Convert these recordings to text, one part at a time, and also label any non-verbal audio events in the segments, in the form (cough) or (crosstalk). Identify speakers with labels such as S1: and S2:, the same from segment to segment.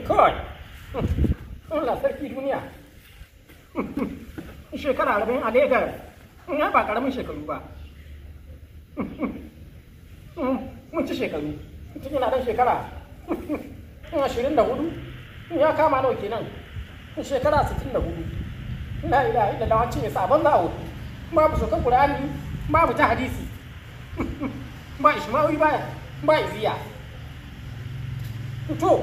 S1: Kai, Allah sarki duniya. Shekara arba'in a ya ba ƙaramin shekaru ba. Mun ci shekaru, tun yana ɗan shekara ashirin da hudu, ya kama nawa kenan. Shekara sittin da hudu. La ilaha wacce ya sa banza ba wuri. Babu sokan Qur'ani, babu ta hadisi. Ba (laughs) Ishmawi ba, ba Iziya. To,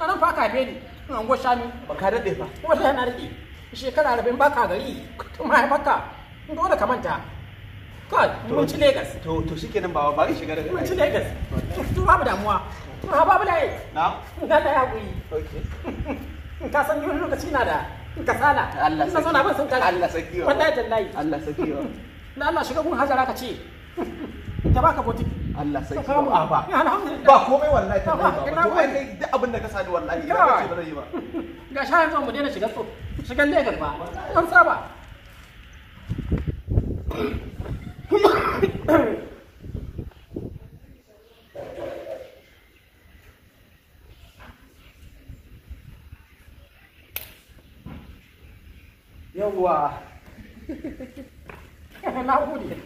S1: a nan fa kafe ni in an gwasha ni ba ka daɗe fa wata yana daɗe shekara arba'in ba ka gari tun mahaifarka dole ka manta kawai mun ci legas to to shike nan ba ba shiga daga mun ci legas to babu damuwa ha babu laye na na da hakuri okay ka san yau lokaci na da kasala Allah sai sana ban san ka Allah sakiwa wallahi tallahi Allah sakiwa (laughs) na Allah shiga gun hajara ka ce ta baka botiki Allah sai ka mu ba ba komai wallahi ta ba to ai kai duk abin ka sani wallahi ina ce ba ga zo mu dena shiga so shiga Lagos ba an (coughs) (coughs)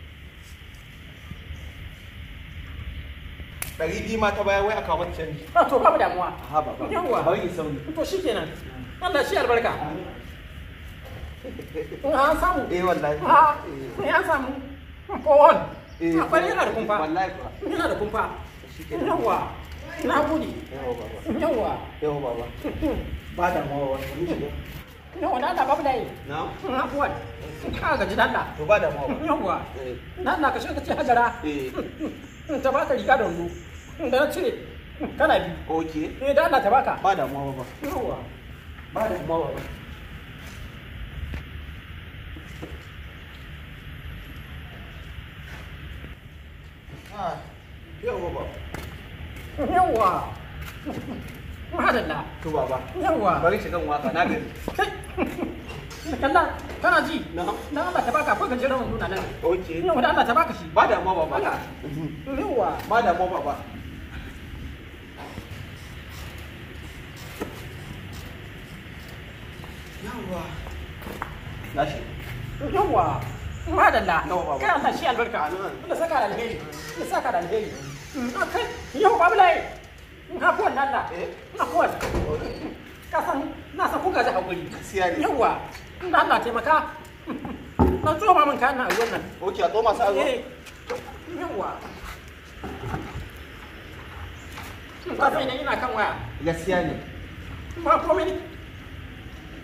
S1: ɗari biyu ma ta baya wai a kawo mata canji. Ba (laughs) to babu damuwa. Ha ba ba. Yawwa. sauri. To shi kenan. Allah shi albarka. Eh, samu. Eh wallahi. Ha. Ah, in eh, an samu. For Eh. Ah, yana da kumfa. Wallahi Yana da kumfa. Shi kenan. Yawwa. Na gode. Yawwa baba. Yawwa. Yawwa baba. Ba wani. Yawwa na da babu dai. Na. Na kuwa. Ka To ba Yawwa. Eh. ka ka ce hajara. Eh. ta baka riga da wando da na cire kana bi okay eh da Allah ta baka ba damuwa ba ba yawa ba damuwa ba ah yawa ba yawa madalla to baba yawa bari shi kan waka na gari kalla kana ji na Allah ta baka ko ka jira wannan nan okay yawa da Allah ta baka shi ba damuwa baba yawa ba damuwa baba yawwa ma da la, kai Allah shi albarka Allah saka da alheri Allah saka da alheri ah, kai yau ba bulai na kuwan nan na eh? na kuwan ka san na san kuka ji hakuri yawwa in na taimaka na tsoma min kayan na a nan. oke a ma sa a zo eh. yawwa ka san ina kan waya gaskiya ne ba komai ne.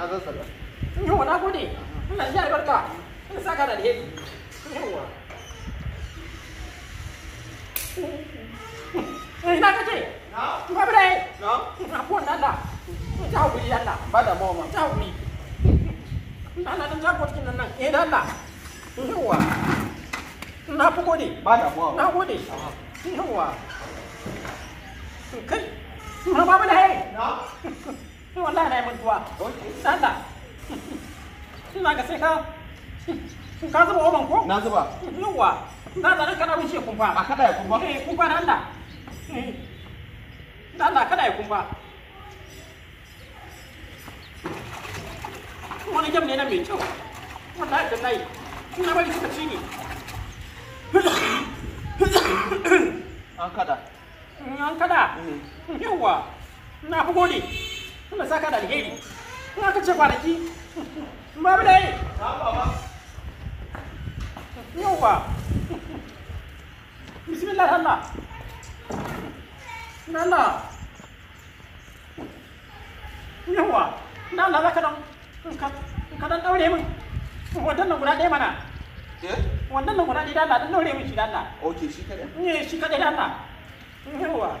S1: na zan saka yawa na gode Allah ya albarka Allah saka da alheri yawa ina eh, kace na ba bare eh? na na ko nan da ta hukuri Allah ba da mama ta hukuri na na dan jago cikin nan eh dan Allah yawa na fi gode ba da mama na gode yawa kai na ba bare na (laughs) ni wallahi na yi mantuwa sanda ina ga sai ka ka zuba oban ko na zuba yawa na da kana wuce kumfa a kada ya kumfa eh kumfa da Allah da eh. Allah kada ya kumfa wani jam ne na mai kyau wallahi da nayi ina bari suka ci ni an kada an kada mm. yawa na fi gode Allah saka da alheri in aka ce kwanaki ba mu da yi yauwa bismillah Allah nana yauwa na Allah zaka dan ka dan daure min wannan nan guda ɗaya mana eh? wannan nan guda ɗaya da Allah dan daure min shi da Allah okay shi kadai ne eh, shi kadai da Allah yauwa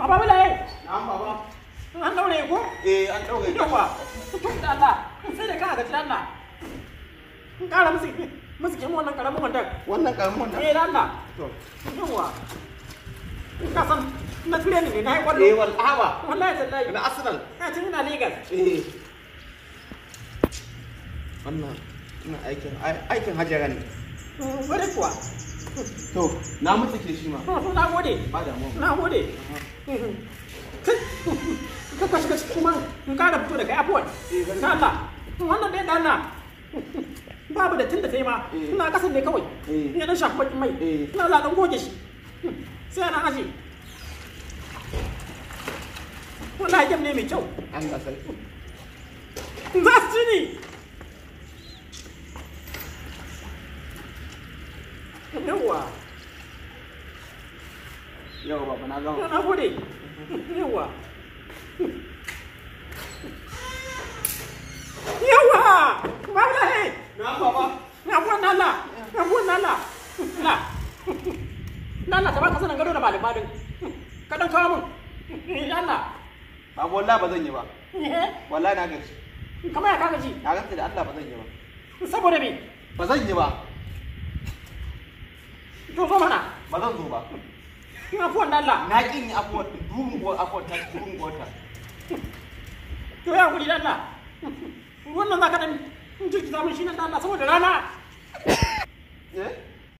S1: a babu laye na'am baba an daure ko eh an daure yawa tun da Allah sai da ka ga tiran na in kara musu musu kemo wannan karamin wandan wannan karamin eh Allah to yawa ka san na ne yi eh wallahi ba wallahi tallahi na arsenal ka tun ina legas eh wannan aikin aikin ne wani mm, kuwa to na mutu ke shi ma na na gode ka shiga cikin man in da fito daga afuwan na Allah wannan dai dana babu da tun da kai ma ina kasan ne kawai ina dan shafi bakin mai ina za dan goge shi sai ana aje wannan hakim ne mai kyau Allah sai za su ni yawa yawa ba na gama na gode yawa yawa baba he eh. na baba na na la na buwan na la lala ta ba ka sanin gado da malamadin ka dan kawo mun lala ba wallahi ba zan yi ba eh? wallahi na gaji kamar ya kaga ji na ganta da Allah ba zan yi ba saboda me ba zan yi ba to zo mana ba zan zo ba Kin afuwan Allah. Na kin yi afuwan rugun gwa afuwan ta rugun gwa ta. To ya hakuri Allah. Wannan zaka dan jirki zamu shi nan Allah saboda rana. Eh?